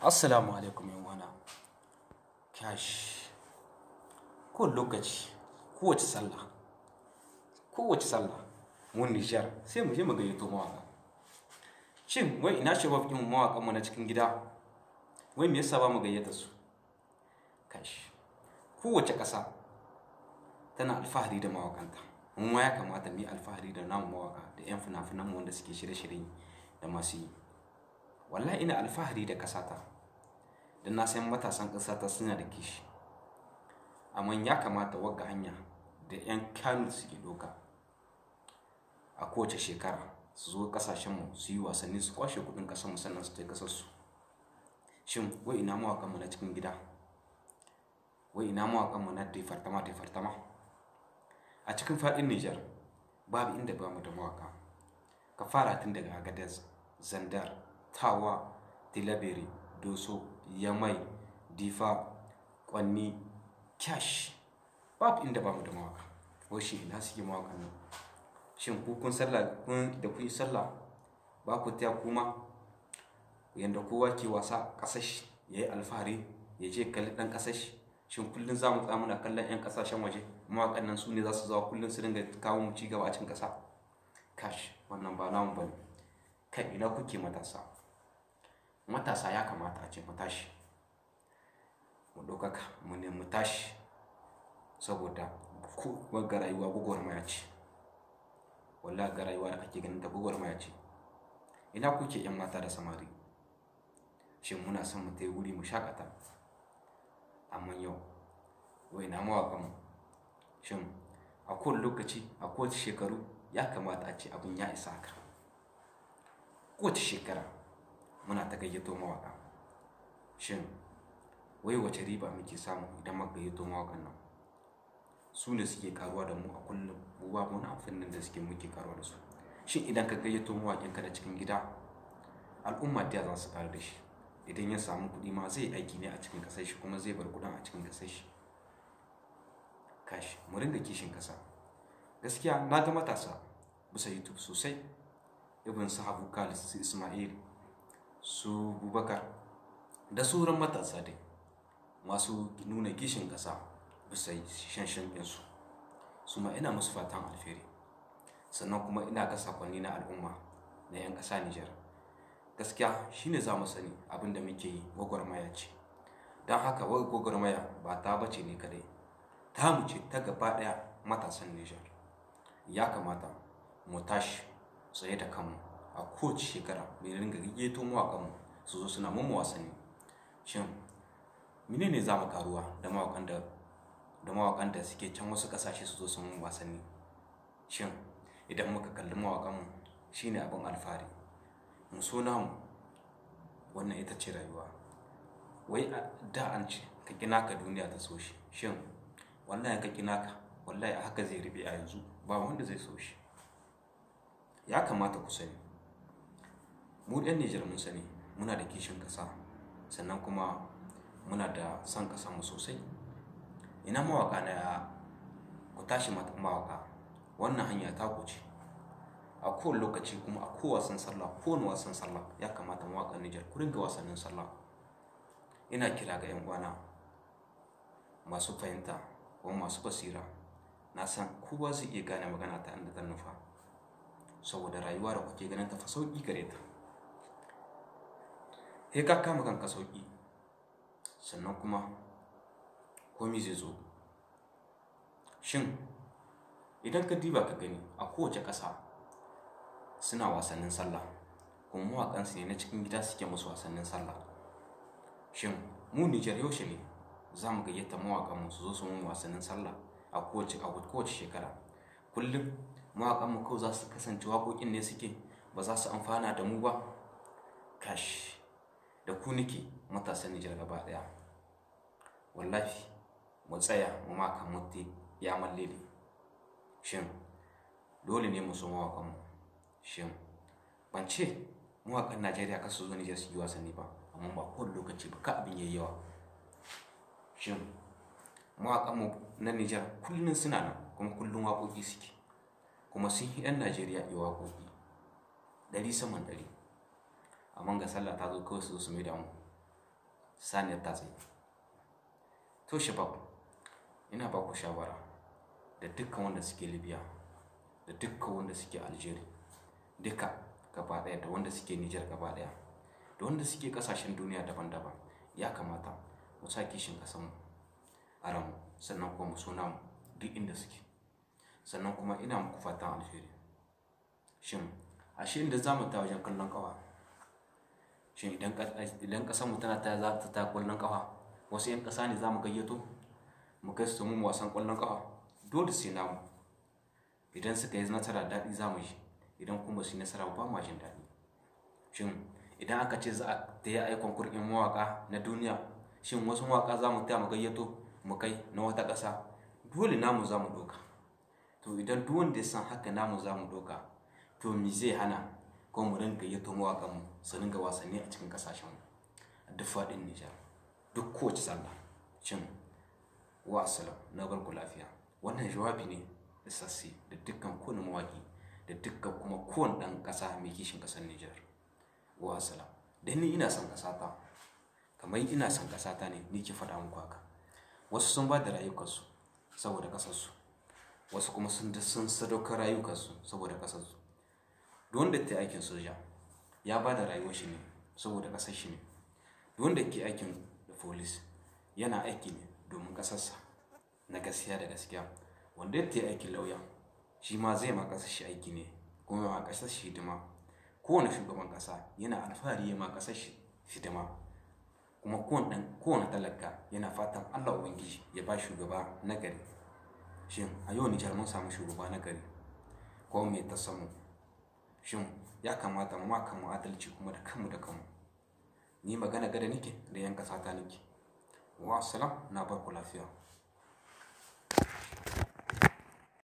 assalamu alaikum yan wana kyash ko lokaci kowace sallah kowace sallah mun nijar sai mu je mu gayyato mawaka shin wai ina shabab din mawakan mu na cikin gida wai me yasa ba mu gayyata su Ko kowace ƙasa tana alfahari da mawakanta mun waya ya kamata mu yi alfahari da namu mawaka da yan fina-finan wanda suke shirye-shirye da masu yi wallahi ina alfahari da kasata don na san matasan kasata suna da kishi amma ya kamata wagga hanya da 'yan kanu suke doka a kowace shekara su zo kasashenmu su yi wasanni su kwashe kudin kasar sannan su tai kasarsu shin wai ina mawakanmu na cikin gida wai ina mawakanmu na defartama defartama a cikin faɗin nijar babu inda ba mu da mawaka ka fara tun daga agadez zandar tawa tilabiri doso yamai difa kwanni cash babu inda bamu da mawaka wai shi ina suke mawakan nan shin ku kun sallah kun da ku yi sallah ba ku taya kuma yanda kowa ke wasa kasash ya yi alfahari ya je kalli dan kasash shin kullum za mu tsaya muna kallon 'yan kasashen waje mawakan nan su ne za su zawa kullun su dinga kawo mu ci gaba a cikin kasa kash wannan ba namu bane kai ina kuke matasa matasa ya kamata a ce mu tashi mu ɗaukaka mu nemi tashi saboda ku ga rayuwa maya ce wallahi ga rayuwa da ake ganin da gugwar maya ce ina kuke yan mata da samari shin muna son mu tai wuri mu shakata amma yau wai na mawaƙan mu shin a kowane lokaci a kowace shekaru ya kamata a ce abin ya isa ka kowace shekara muna ta gayyato mawaƙa shin wai wace riba muke samu idan muka gayyato mawaƙan nan su ne suke karuwa da mu a kullum mu babu wani amfanin da suke muke karuwa da su shin idan ka gayyato ka da cikin gida al'umma da za su karu da shi idan ya samu kuɗi ma zai aiki ne a cikin ƙasar kuma zai bar kuɗin a cikin ƙasar kashi mu ringa kishin kasa gaskiya na ga matasa bisa youtube sosai ibn su habu kalis ismail su bubakar da sauran matasa dai masu nuna gishin ƙasa bisa shanshan ɗinsu su ma ina musu fatan alfere, sannan kuma ina ga sakonni na al'umma na 'yan ƙasa nijar gaskiya shine za mu sani abin da muke yi gwagwarmaya ce don haka wai gwagwarmaya ba ta bace ne kadai ta mu ce ta gaba ɗaya matasan nijar ya kamata mu tashi tsaye da kanmu a kowace shekara mai ringa gayyato mawaƙan su zo suna mun wasanni shin mene ne za mu karuwa da mawaƙan da da suke can wasu ƙasashe su zo su mun wasanni shin idan muka kalli mawaƙanmu shine abin alfahari mu so namu wannan ita ce rayuwa wai da an ce ka gina ka duniya ta so shi shin wallahi ka gina ka wallahi a haka zai rube a yanzu ba wanda zai so shi ya kamata ku sani mu ɗan Nijar mun sani muna da kishin ƙasa sannan kuma muna da son ƙasa mu sosai ina mawaka na ku tashi mawaka wannan hanya ta kuce a kowane lokaci kuma a ko wasan sallah kowane wasan sallah ya kamata mawaka Nijar ku ringa wasannin sallah ina kira ga 'yan uwana masu fahimta ko masu basira na san kowa zai iya gane magana ta inda ta nufa saboda rayuwa da kuke ganin ta fa sauƙi gare ta kai ka kama kanka sauki sannan kuma komi zai zo shin idan ka diba ka gani a kowace ƙasa suna wasannin sallah kuma mawaƙansu ne na cikin gida suke musu wasannin sallah shin mu nijar yaushe ne za mu gayyata mawaƙanmu su zo su mun wasannin sallah a kowace a kowace shekara kullum mu kawai za su kasance waƙoƙin ne suke ba za su amfana da mu ba kash da ku nake matasan Nijar gaba daya wallahi mu tsaya mu maka mutti ya mallele shin dole ne mu so mawakan mu shin ban ce mawakan Najeriya kasu zo Nijar su yi wasanni ba amma ba kowane lokaci ba ka abin yayi yawa shin mawakan mu na Nijar kullun suna nan kuma kullun waƙoƙi suke kuma sun yi 'yan Najeriya yi waƙoƙi ɗari saman ɗari amma ga sallah ta zo kawai su zo su mai damu saniyar ta tsaye to shabab ina ba ku shawara da dukkan wanda suke libya da dukkan wanda suke algeria duka gaba daya da wanda suke Niger gaba daya da wanda suke kasashen duniya daban-daban ya kamata mu sa kishin kasanmu a sannan kuma mu suna mu duk inda suke sannan kuma ina muku fatan alheri shin ashe inda za mu ta wajen kallon kawai shin idan kasan mu tana ta ta ta ƙwallon ƙafa wasu 'yan ƙasa ne za mu gayyato mu kai su mu wasan ƙwallon ƙafa dole sai namu idan suka yi nasara daɗi za mu yi idan kuma su yi nasara ba ma jin daɗi shin idan aka ce za a ta yi aikon kurkin mawaka na duniya shin wasu mawaka za mu ta mu gayyato mu kai na wata ƙasa dole namu za mu doka to idan duk wanda ya san haka namu za mu doka to me zai hana ko mu yi tomo a mu su rinka wasanni a cikin ƙasashen mu duk faɗin Nijar duk kowace sallah cin wa na barku lafiya wannan jawabi ne da sassi da dukkan kowane mawaƙi da dukkan kuma kowane ɗan ƙasa mai kishin ƙasar Nijar wa salam Da ni ina son ƙasata kamar ina son ƙasata ne ni ke faɗa muku haka wasu sun ba da rayukansu saboda ƙasarsu wasu kuma sun sadaukar rayukansu saboda ƙasarsu duk wanda ta aikin soja ya ba da rayuwar shi ne saboda ƙasar shi ne duk wanda ke aikin da folis yana aiki ne domin ƙasarsa na gaskiya da gaskiya wanda ta aikin lauya shi ma zai ma ƙasar shi aiki ne kuma ma ƙasar shi hidima kowane shugaban ƙasa yana alfahari ya ma ƙasar shi hidima kuma kowane talaka yana fatan allah ubangiji ya ba shugaba na gari shin a yau nijar mun samu shugaba na gari ko me ta samu shin ya kamata mu kanmu adalci kuma da kanmu da kanmu ni magana gada nake da yan kasa ta nake wa salam na barku lafiya